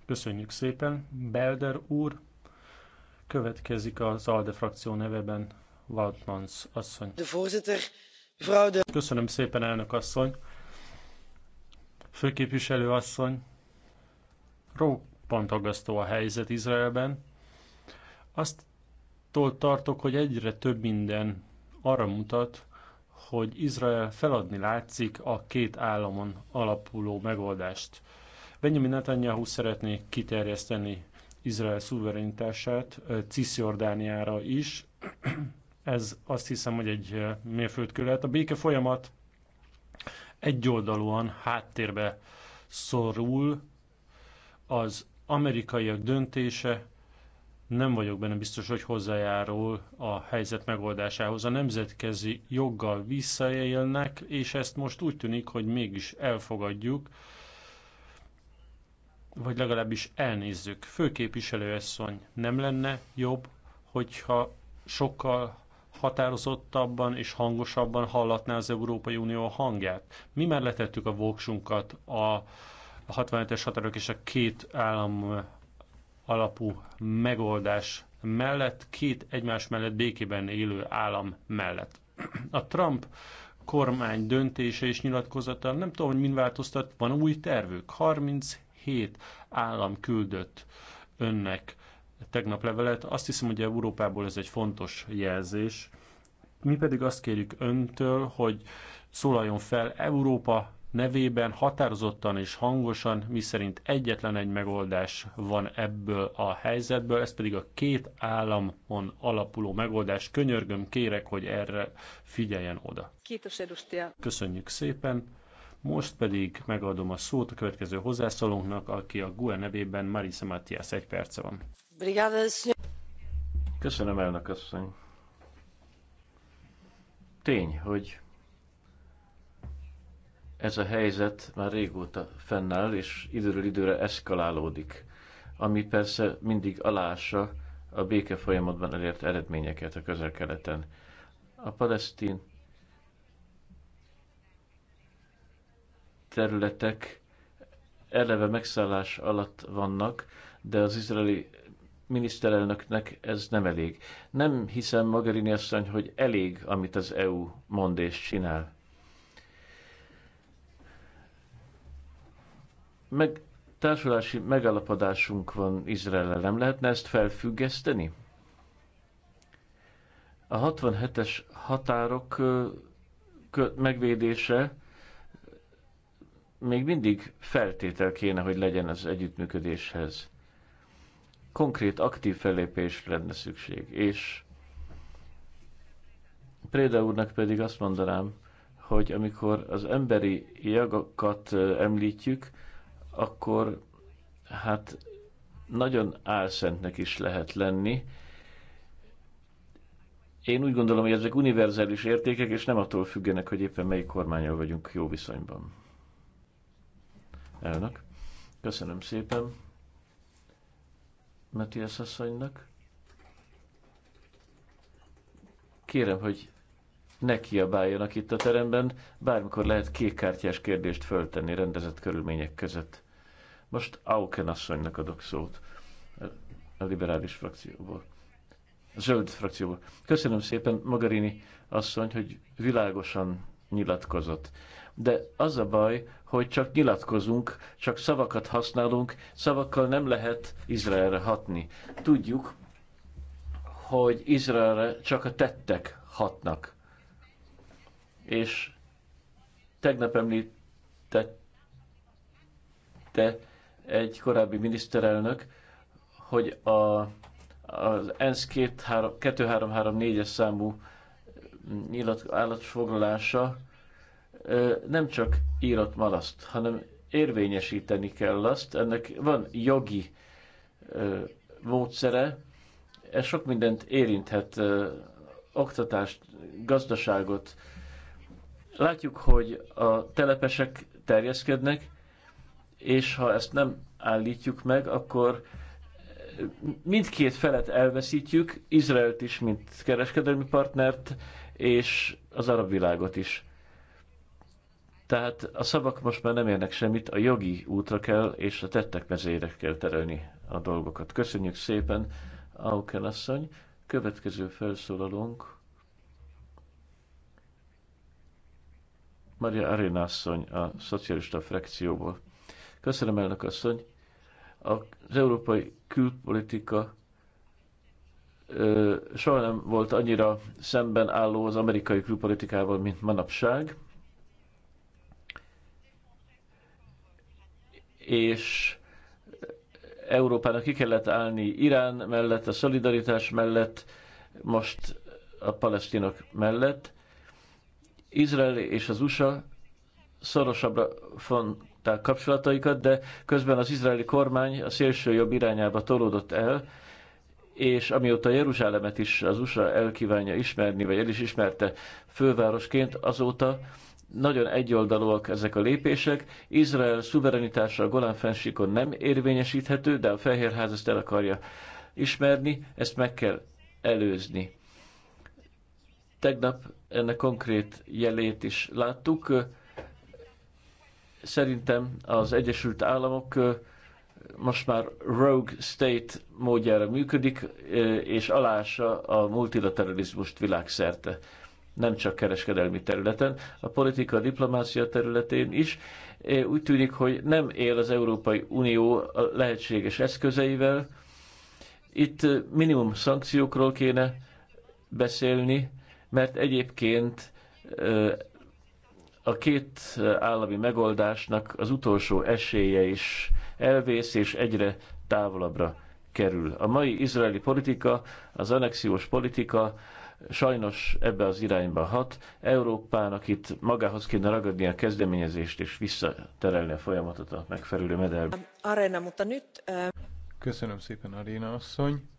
Köszönjük szépen, Belder úr! Következik az ALDE frakció neveben Waldmans asszony. De de... Köszönöm szépen, elnök asszony. Főképviselő asszony, roppant aggasztó a helyzet Izraelben. Aztól tartok, hogy egyre több minden arra mutat, hogy Izrael feladni látszik a két államon alapuló megoldást. Benjamin Netanyahu szeretné kiterjeszteni Izrael szuverenitását eh, Cisjordániára is, ez azt hiszem, hogy egy eh, mérföldkő lehet. A béke folyamat egyoldalúan háttérbe szorul, az amerikaiak döntése nem vagyok benne biztos, hogy hozzájárul a helyzet megoldásához. A nemzetközi joggal visszaélnek, és ezt most úgy tűnik, hogy mégis elfogadjuk, vagy legalábbis elnézzük. Főképviselőasszony nem lenne jobb, hogyha sokkal határozottabban és hangosabban hallatná az Európai Unió hangját. Mi már letettük a voksunkat a 67-es határok és a két állam alapú megoldás mellett, két egymás mellett békében élő állam mellett. A Trump kormány döntése és nyilatkozata, nem tudom, hogy mind változtat, van új tervük. 37 állam küldött önnek tegnap levelet. Azt hiszem, hogy Európából ez egy fontos jelzés. Mi pedig azt kérjük öntől, hogy szólaljon fel Európa nevében határozottan és hangosan, miszerint egyetlen egy megoldás van ebből a helyzetből, ez pedig a két államon alapuló megoldás. Könyörgöm, kérek, hogy erre figyeljen oda. Köszönjük szépen. Most pedig megadom a szót a következő hozzászólónknak, aki a GUE nevében Marisa Matias. Egy perce van. Köszönöm, elnök asszony. Tény, hogy ez a helyzet már régóta fennáll, és időről időre eszkalálódik, ami persze mindig alása a béke folyamatban elért eredményeket a közel-keleten. A palesztin területek eleve megszállás alatt vannak, de az izraeli miniszterelnöknek ez nem elég. Nem hiszem, Magarini asszony, hogy elég, amit az EU mond és csinál. Meg, társulási megalapodásunk van izrael nem lehetne ezt felfüggeszteni? A 67-es határok megvédése még mindig feltétel kéne, hogy legyen az együttműködéshez. Konkrét, aktív fellépés lenne szükség. És Préda úrnak pedig azt mondanám, hogy amikor az emberi jagokat említjük, akkor hát nagyon álszentnek is lehet lenni. Én úgy gondolom, hogy ezek univerzális értékek, és nem attól függenek, hogy éppen melyik kormányal vagyunk jó viszonyban elnök. Köszönöm szépen Matthias asszonynak. Kérem, hogy ne kiabáljanak itt a teremben, bármikor lehet kékkártyás kérdést föltenni rendezett körülmények között. Most Auken asszonynak adok szót a liberális frakcióból. A zöld frakcióból. Köszönöm szépen, Magarini asszony, hogy világosan nyilatkozott. De az a baj, hogy csak nyilatkozunk, csak szavakat használunk, szavakkal nem lehet Izraelre hatni. Tudjuk, hogy Izraelre csak a tettek hatnak. És tegnap említette egy korábbi miniszterelnök, hogy a, az ENSZ 2334-es számú állat, állatfoglalása nem csak írat malaszt, hanem érvényesíteni kell azt. Ennek van jogi módszere, ez sok mindent érinthet, oktatást, gazdaságot. Látjuk, hogy a telepesek terjeszkednek, és ha ezt nem állítjuk meg, akkor mindkét felet elveszítjük, Izraelt is, mint kereskedelmi partnert, és az arab világot is. Tehát a szavak most már nem érnek semmit, a jogi útra kell, és a tettek mezére kell terelni a dolgokat. Köszönjük szépen, Auken asszony. Következő felszólalónk Maria Arena asszony a szocialista frakcióból. Köszönöm, elnök asszony. Az európai külpolitika soha nem volt annyira szemben álló az amerikai külpolitikával, mint manapság. És Európának ki kellett állni Irán mellett, a szolidaritás mellett, most a palesztinok mellett. Izrael és az USA szorosabbra fonták kapcsolataikat, de közben az izraeli kormány a szélső jobb irányába tolódott el, és amióta Jeruzsálemet is az USA elkívánja ismerni, vagy el is ismerte fővárosként, azóta nagyon egyoldalúak ezek a lépések. Izrael szuverenitása a Golán fensíkon nem érvényesíthető, de a Fehérház ezt el akarja ismerni, ezt meg kell előzni. Tegnap ennek konkrét jelét is láttuk. Szerintem az Egyesült Államok most már rogue state módjára működik, és alása a multilateralizmust világszerte nem csak kereskedelmi területen, a politika, a diplomácia területén is. Úgy tűnik, hogy nem él az Európai Unió a lehetséges eszközeivel. Itt minimum szankciókról kéne beszélni, mert egyébként a két állami megoldásnak az utolsó esélye is elvész és egyre távolabbra kerül. A mai izraeli politika, az anexiós politika sajnos ebbe az irányba hat. Európának itt magához kéne ragadni a kezdeményezést és visszaterelni a folyamatot a megfelelő medelbe. Arena, mutta nyt... Köszönöm szépen, Aréna asszony.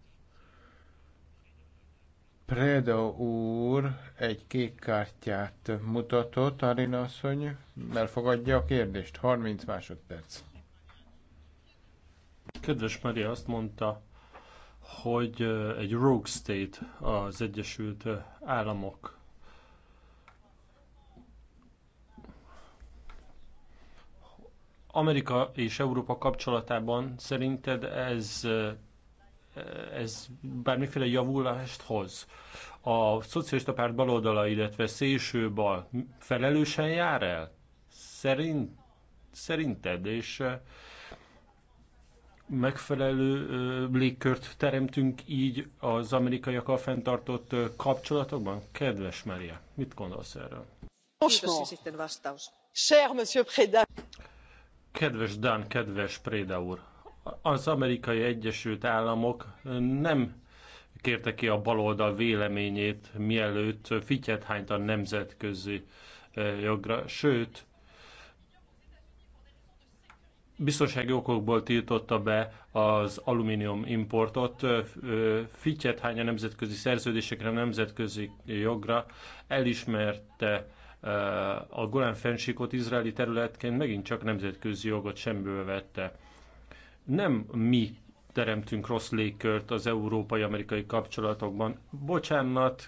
Preda úr egy kék kártyát mutatott, Arina asszony elfogadja a kérdést. 30 másodperc. Kedves Maria azt mondta, hogy egy rogue state az Egyesült Államok. Amerika és Európa kapcsolatában szerinted ez, ez bármiféle javulást hoz? A szocialista párt baloldala, illetve szélső bal felelősen jár el? Szerint, szerinted, és megfelelő légkört teremtünk így az amerikaiakkal fenntartott kapcsolatokban? Kedves Maria, mit gondolsz erről? Kedves Dan, kedves Préda úr, az amerikai Egyesült Államok nem kérte ki a baloldal véleményét, mielőtt fityet hányt a nemzetközi jogra, sőt, biztonsági okokból tiltotta be az alumínium importot, Fittyet hány a nemzetközi szerződésekre, nemzetközi jogra, elismerte a Golán fensíkot izraeli területként, megint csak nemzetközi jogot semből vette. Nem mi teremtünk rossz légkört az európai-amerikai kapcsolatokban. Bocsánat,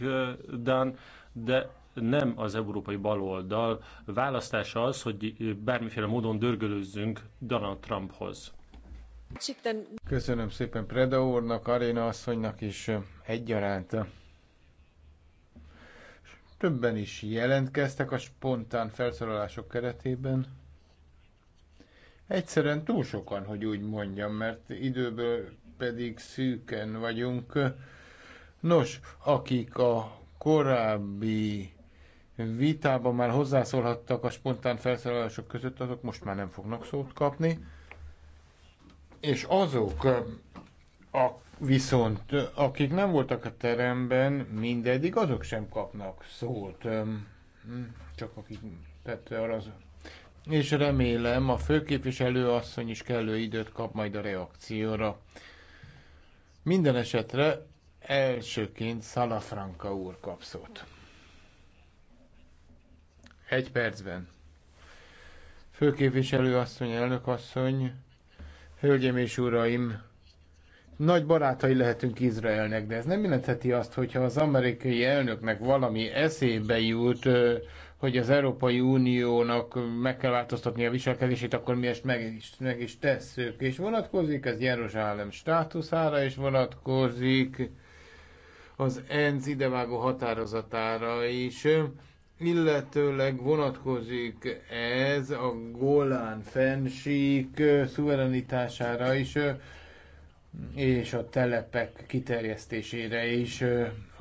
Dan, de nem az európai baloldal választása az, hogy bármiféle módon dörgölőzzünk Donald Trumphoz. Köszönöm szépen Preda úrnak, Aréna asszonynak is egyaránt. Többen is jelentkeztek a spontán felszólalások keretében. Egyszerűen túl sokan, hogy úgy mondjam, mert időből pedig szűken vagyunk. Nos, akik a korábbi vitában már hozzászólhattak a spontán felszólalások között, azok most már nem fognak szót kapni. És azok, a, viszont akik nem voltak a teremben mindeddig, azok sem kapnak szót. Csak akik, tette arra az és remélem a főképviselő asszony is kellő időt kap majd a reakcióra. Minden esetre elsőként Salafranca úr kap szót. Egy percben. Főképviselő asszony, elnök asszony, hölgyeim és uraim, nagy barátai lehetünk Izraelnek, de ez nem jelentheti azt, hogyha az amerikai elnöknek valami eszébe jut, hogy az Európai Uniónak meg kell változtatni a viselkedését, akkor mi ezt meg is, meg is tesszük. És vonatkozik ez Jeruzsálem státuszára, és vonatkozik az ENZ idevágó határozatára is illetőleg vonatkozik ez a Golán fensík szuverenitására is, és a telepek kiterjesztésére is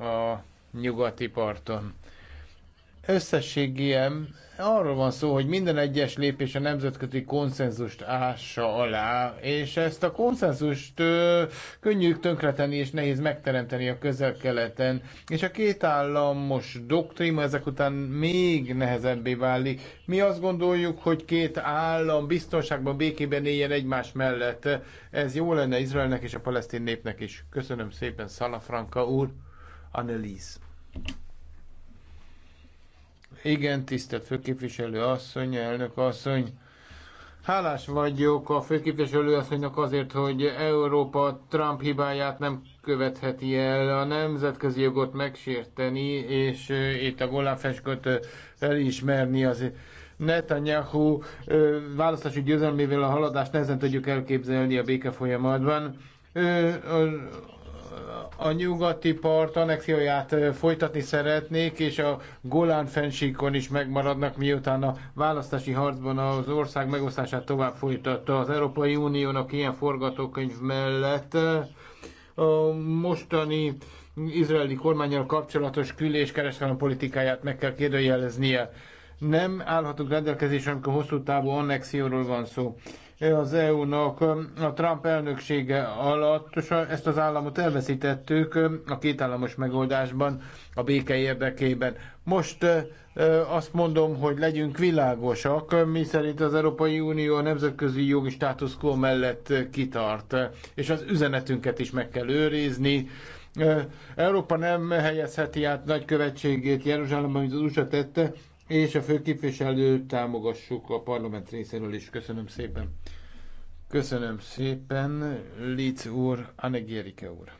a nyugati parton összességében arról van szó, hogy minden egyes lépés a nemzetközi konszenzust ássa alá, és ezt a konszenzust ö, könnyű tönkretenni és nehéz megteremteni a közel-keleten, és a két államos doktrína ezek után még nehezebbé válik. Mi azt gondoljuk, hogy két állam biztonságban, békében éljen egymás mellett. Ez jó lenne Izraelnek és a palesztin népnek is. Köszönöm szépen, Szalafranka úr, Annelise. Igen, tisztelt főképviselő asszony, elnök asszony. Hálás vagyok a főképviselő asszonynak azért, hogy Európa Trump hibáját nem követheti el a nemzetközi jogot megsérteni, és itt a Golán elismerni az Netanyahu választási győzelmével a haladást nehezen tudjuk elképzelni a béke folyamatban a nyugati part anexióját folytatni szeretnék, és a Golán fensíkon is megmaradnak, miután a választási harcban az ország megosztását tovább folytatta az Európai Uniónak ilyen forgatókönyv mellett. A mostani izraeli kormányjal kapcsolatos kül- és kereskedelmi politikáját meg kell kérdőjeleznie. Nem állhatunk rendelkezésre, amikor hosszú távú annexióról van szó az EU-nak a Trump elnöksége alatt, és ezt az államot elveszítettük a kétállamos megoldásban, a béke érdekében. Most azt mondom, hogy legyünk világosak, mi szerint az Európai Unió a nemzetközi jogi státusz quo mellett kitart, és az üzenetünket is meg kell őrizni. Európa nem helyezheti át nagykövetségét Jeruzsálemben, mint az USA tette, és a főképviselő támogassuk a parlament részéről is. Köszönöm szépen. Köszönöm szépen, Lic úr, Anegérike úr.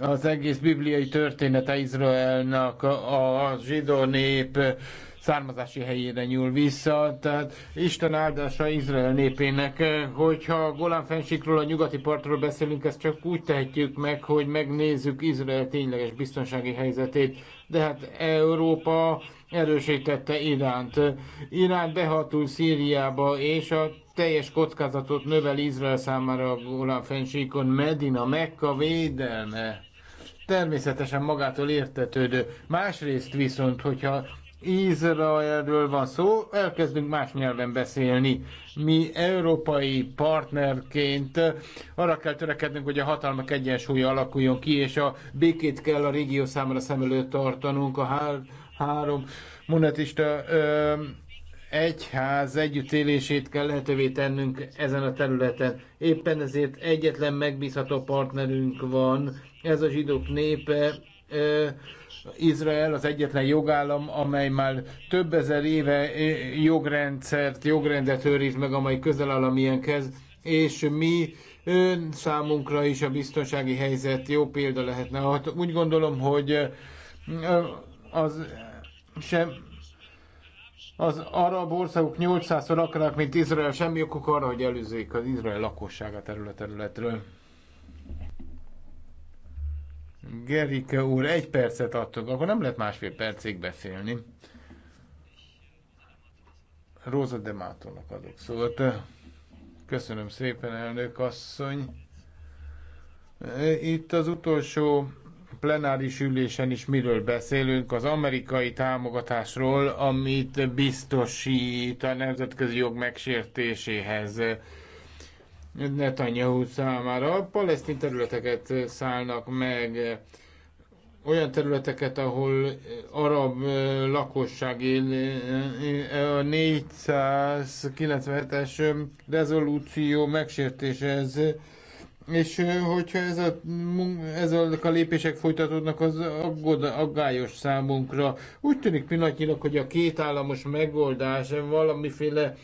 Az egész bibliai története Izraelnak a zsidó nép származási helyére nyúl vissza. Tehát Isten áldása Izrael népének, hogyha Golán fensikről, a nyugati partról beszélünk, ezt csak úgy tehetjük meg, hogy megnézzük Izrael tényleges biztonsági helyzetét. De hát Európa erősítette Iránt. Irán behatul Szíriába, és a teljes kockázatot növel Izrael számára a Golán fensíkon. Medina, Mekka védelme természetesen magától értetődő. Másrészt viszont, hogyha Izraelről van szó, elkezdünk más nyelven beszélni. Mi európai partnerként arra kell törekednünk, hogy a hatalmak egyensúlya alakuljon ki, és a békét kell a régió számára szem előtt tartanunk. A hár, három monetista ö, egyház együttélését kell lehetővé tennünk ezen a területen. Éppen ezért egyetlen megbízható partnerünk van, ez a zsidók népe, Izrael az egyetlen jogállam, amely már több ezer éve jogrendszert, jogrendet őriz meg, amely közel áll a milyenkhez, és mi ön számunkra is a biztonsági helyzet jó példa lehetne. Hát úgy gondolom, hogy az sem, az arab országok 800-szor akarnak, mint Izrael, semmi okuk arra, hogy előzzék az Izrael lakossága a területről. Gerike úr, egy percet adtok, akkor nem lehet másfél percig beszélni. Róza Demátónak adok szót. Köszönöm szépen, elnök asszony. Itt az utolsó plenáris ülésen is miről beszélünk, az amerikai támogatásról, amit biztosít a nemzetközi jog megsértéséhez. Netanyahu számára. A palesztin területeket szállnak meg, olyan területeket, ahol arab lakosság él. A 497-es rezolúció megsértése ez. És hogyha ez a, ezek a lépések folytatódnak, az aggod, aggályos számunkra. Úgy tűnik pillanatnyilag, hogy a két államos megoldás valamiféle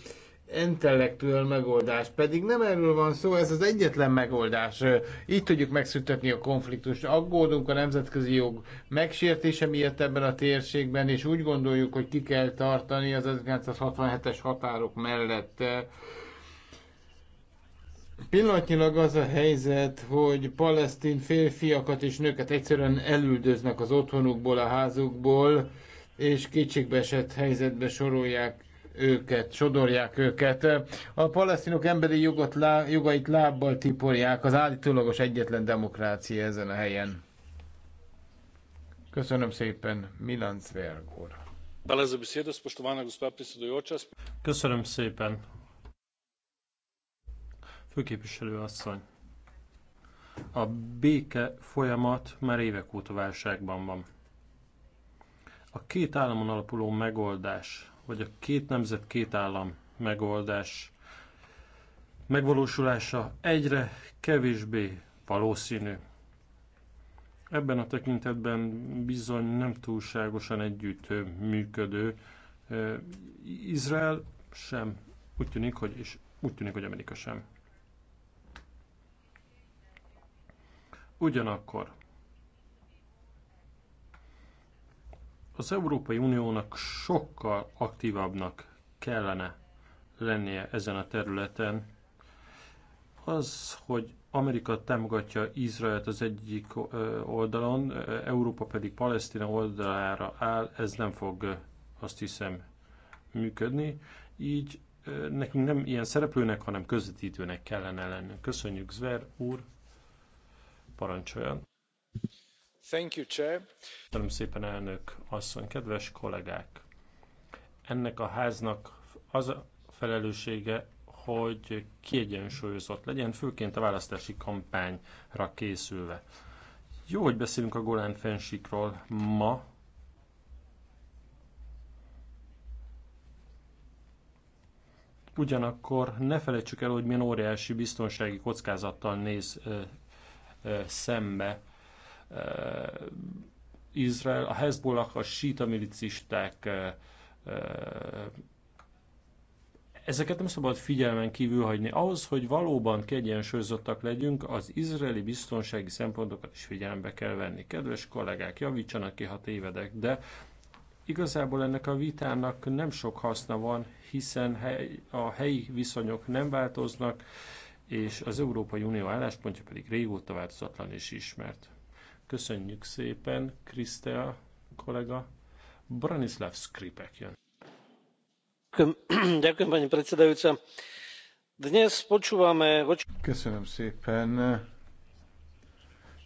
intellektuál megoldás, pedig nem erről van szó, ez az egyetlen megoldás. Így tudjuk megszüntetni a konfliktust. Aggódunk a nemzetközi jog megsértése miatt ebben a térségben, és úgy gondoljuk, hogy ki kell tartani az 1967-es határok mellett. Pillanatnyilag az a helyzet, hogy palesztin férfiakat és nőket egyszerűen elüldöznek az otthonukból, a házukból, és kétségbeesett helyzetbe sorolják őket, sodorják őket. A palesztinok emberi jogot, lá, jogait lábbal tiporják, az állítólagos egyetlen demokrácia ezen a helyen. Köszönöm szépen, Milan Zverg Köszönöm szépen. Főképviselő asszony. A béke folyamat már évek óta válságban van. A két államon alapuló megoldás hogy a két nemzet, két állam megoldás megvalósulása egyre kevésbé valószínű. Ebben a tekintetben bizony nem túlságosan együtt működő Izrael sem, úgy tűnik, hogy, és úgy tűnik, hogy Amerika sem. Ugyanakkor Az Európai Uniónak sokkal aktívabbnak kellene lennie ezen a területen. Az, hogy Amerika támogatja Izraelt az egyik oldalon, Európa pedig Palesztina oldalára áll, ez nem fog azt hiszem működni. Így nekünk nem ilyen szereplőnek, hanem közvetítőnek kellene lennünk. Köszönjük, Zver úr, parancsoljon! Köszönöm szépen, elnök asszony, kedves kollégák! Ennek a háznak az a felelőssége, hogy kiegyensúlyozott legyen, főként a választási kampányra készülve. Jó, hogy beszélünk a Golán fensíkról ma. Ugyanakkor ne felejtsük el, hogy milyen óriási biztonsági kockázattal néz ö, ö, szembe Izrael, a Hezbollah, a síta milicisták, ezeket nem szabad figyelmen kívül hagyni. Ahhoz, hogy valóban kiegyensúlyozottak legyünk, az izraeli biztonsági szempontokat is figyelembe kell venni. Kedves kollégák, javítsanak ki, ha tévedek, de igazából ennek a vitának nem sok haszna van, hiszen a helyi viszonyok nem változnak, és az Európai Unió álláspontja pedig régóta változatlan és ismert. Köszönjük szépen, Krisztea kollega. Branislav Skripek jön. Köszönöm szépen.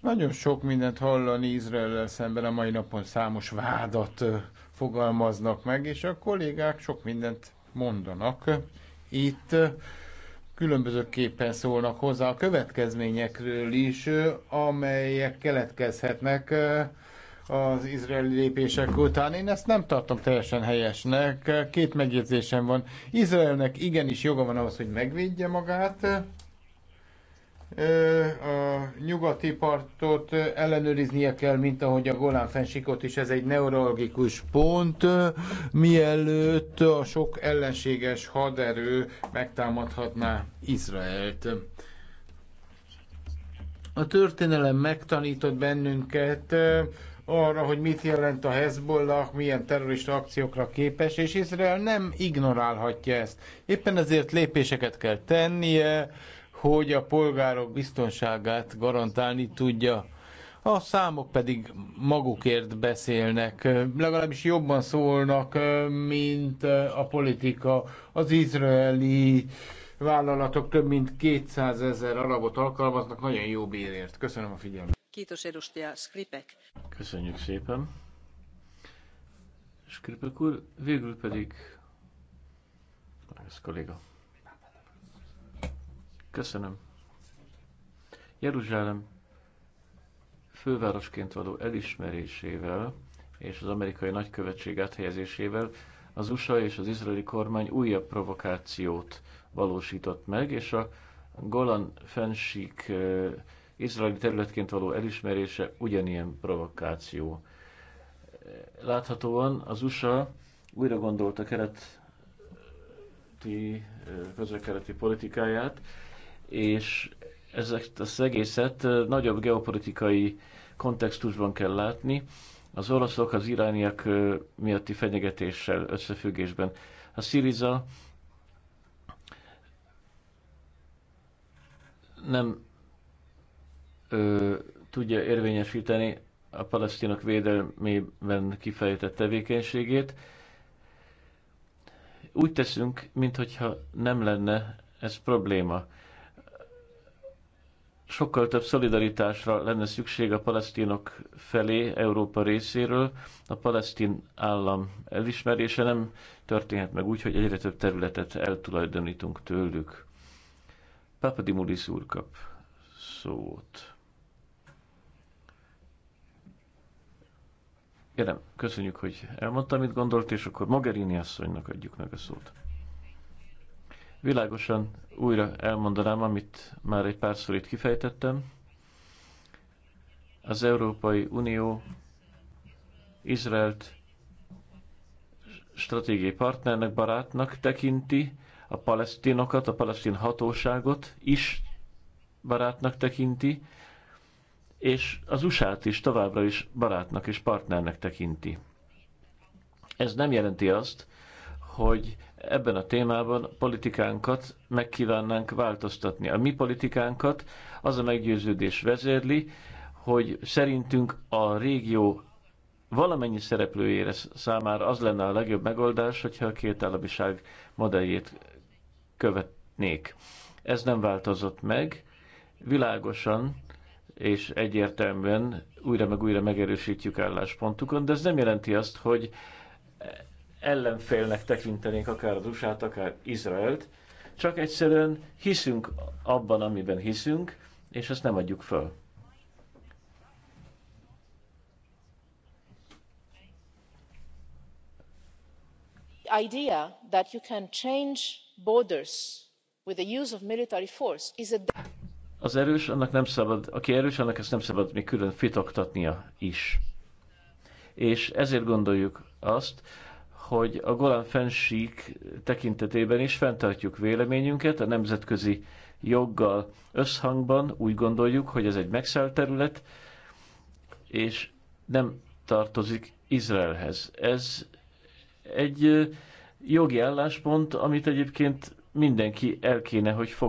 Nagyon sok mindent hallani Izrael szemben a mai napon számos vádat fogalmaznak meg, és a kollégák sok mindent mondanak. Itt különbözőképpen szólnak hozzá a következményekről is, amelyek keletkezhetnek az izraeli lépések után. Én ezt nem tartom teljesen helyesnek. Két megjegyzésem van. Izraelnek igenis joga van ahhoz, hogy megvédje magát, a nyugati partot ellenőriznie kell, mint ahogy a Golán fensikot is, ez egy neurologikus pont, mielőtt a sok ellenséges haderő megtámadhatná Izraelt. A történelem megtanított bennünket arra, hogy mit jelent a Hezbollah, milyen terrorista akciókra képes, és Izrael nem ignorálhatja ezt. Éppen ezért lépéseket kell tennie, hogy a polgárok biztonságát garantálni tudja. A számok pedig magukért beszélnek, legalábbis jobban szólnak, mint a politika. Az izraeli vállalatok több mint 200 ezer arabot alkalmaznak nagyon jó bérért. Köszönöm a figyelmet. Kétos erostia, Skripek. Köszönjük szépen. Skripek úr, végül pedig ez kolléga. Köszönöm. Jeruzsálem fővárosként való elismerésével és az amerikai nagykövetség áthelyezésével az USA és az izraeli kormány újabb provokációt valósított meg, és a Golan fensík izraeli területként való elismerése ugyanilyen provokáció. Láthatóan az USA újra gondolta kelet közel-keleti politikáját, és ezt az egészet nagyobb geopolitikai kontextusban kell látni, az oroszok az irániak miatti fenyegetéssel összefüggésben. A Syriza nem ö, tudja érvényesíteni a palesztinok védelmében kifejtett tevékenységét. Úgy teszünk, mintha nem lenne ez probléma. Sokkal több szolidaritásra lenne szükség a palesztinok felé Európa részéről. A palesztin állam elismerése nem történhet meg úgy, hogy egyre több területet eltulajdonítunk tőlük. Papadimulis úr kap szót. Kérem, köszönjük, hogy elmondta, amit gondolt, és akkor Mogherini asszonynak adjuk meg a szót. Világosan újra elmondanám, amit már egy párszor itt kifejtettem. Az Európai Unió Izraelt stratégiai partnernek, barátnak tekinti, a palesztinokat, a palesztin hatóságot is barátnak tekinti, és az USA-t is továbbra is barátnak és partnernek tekinti. Ez nem jelenti azt, hogy ebben a témában a politikánkat megkívánnánk változtatni. A mi politikánkat az a meggyőződés vezérli, hogy szerintünk a régió valamennyi szereplőjére számára az lenne a legjobb megoldás, hogyha a két államiság modelljét követnék. Ez nem változott meg. Világosan és egyértelműen újra meg újra megerősítjük álláspontukon, de ez nem jelenti azt, hogy ellenfélnek tekintenénk akár az usa akár Izraelt, csak egyszerűen hiszünk abban, amiben hiszünk, és azt nem adjuk föl. idea that you can change borders with the use of military force is a az erős, annak nem szabad, aki erős, annak ezt nem szabad még külön fitoktatnia is. És ezért gondoljuk azt, hogy a Golan fensík tekintetében is fenntartjuk véleményünket, a nemzetközi joggal összhangban úgy gondoljuk, hogy ez egy megszállt terület, és nem tartozik Izraelhez. Ez egy jogi álláspont, amit egyébként mindenki el kéne, hogy fogadjon.